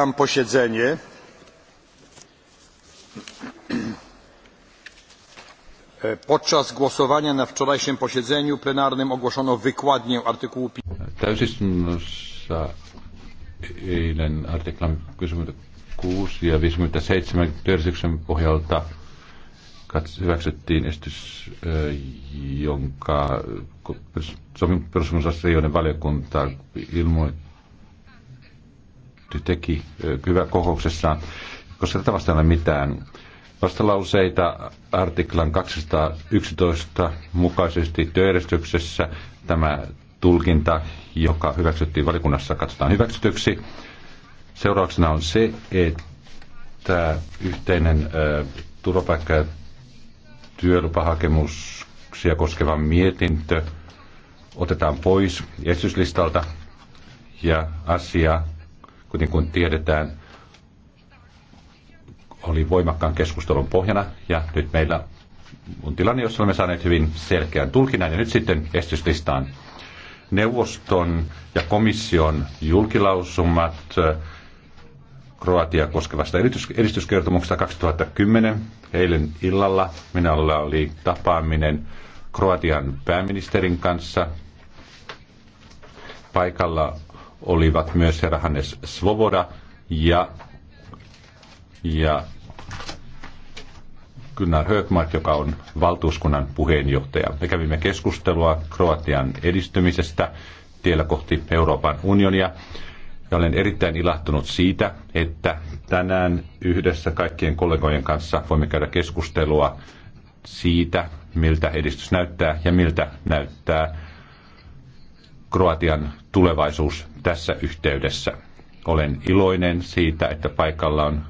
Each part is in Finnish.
otwieram posiedzenie e, podczas głosowania na wczorajszym posiedzeniu plenarnym ogłoszono wykładnię artykułu täysistunnossa eilen artiklan 56 ja 57 työjärjestyksen pohjalta hyväksyttiin esitys, e, jonka perussopimusvaliokunta ilmoitti teki hyvä kokouksessaan, koska tätä vastaan ei ole mitään vastalauseita artiklan 211 mukaisesti työjärjestyksessä. Tämä tulkinta, joka hyväksyttiin valikunnassa, katsotaan hyväksytyksi. Seurauksena on se, että yhteinen turvapaikka- ja työlupahakemuksia koskeva mietintö otetaan pois esityslistalta ja asia kuten kun niin tiedetään, oli voimakkaan keskustelun pohjana ja nyt meillä on tilanne, jossa olemme saaneet hyvin selkeän tulkinnan ja nyt sitten estyslistaan neuvoston ja komission julkilausumat äh, Kroatia koskevasta edistyskertomuksesta 2010. Eilen illalla minulla oli tapaaminen Kroatian pääministerin kanssa. Paikalla olivat myös herra Hannes Svoboda ja, ja Gunnar Högmark, joka on valtuuskunnan puheenjohtaja. Me kävimme keskustelua Kroatian edistymisestä tiellä kohti Euroopan unionia. Ja olen erittäin ilahtunut siitä, että tänään yhdessä kaikkien kollegojen kanssa voimme käydä keskustelua siitä, miltä edistys näyttää ja miltä näyttää Kroatian tulevaisuus tässä yhteydessä. Olen iloinen siitä, että paikalla on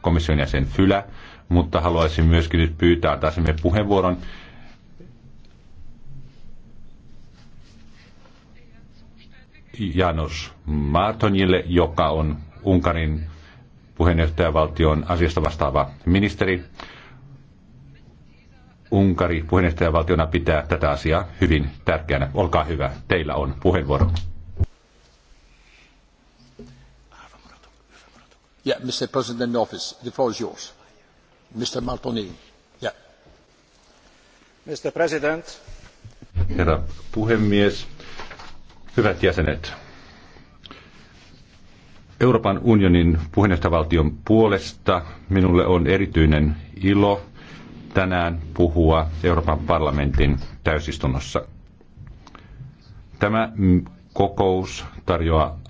komission jäsen Fylä, mutta haluaisin myöskin nyt pyytää taasimme puheenvuoron Janos Martonille, joka on Unkarin puheenjohtajavaltion asiasta vastaava ministeri. Unkari puheenjohtajavaltiona pitää tätä asiaa hyvin tärkeänä. Olkaa hyvä, teillä on puheenvuoro. Yeah, Mr. President Office, the floor is yours. Mr. Martoni. Yeah. Mr. President. Herra puhemies, hyvät jäsenet. Euroopan unionin puheenjohtajavaltion puolesta minulle on erityinen ilo – tänään puhua Euroopan parlamentin täysistunnossa. Tämä mm, kokous tarjoaa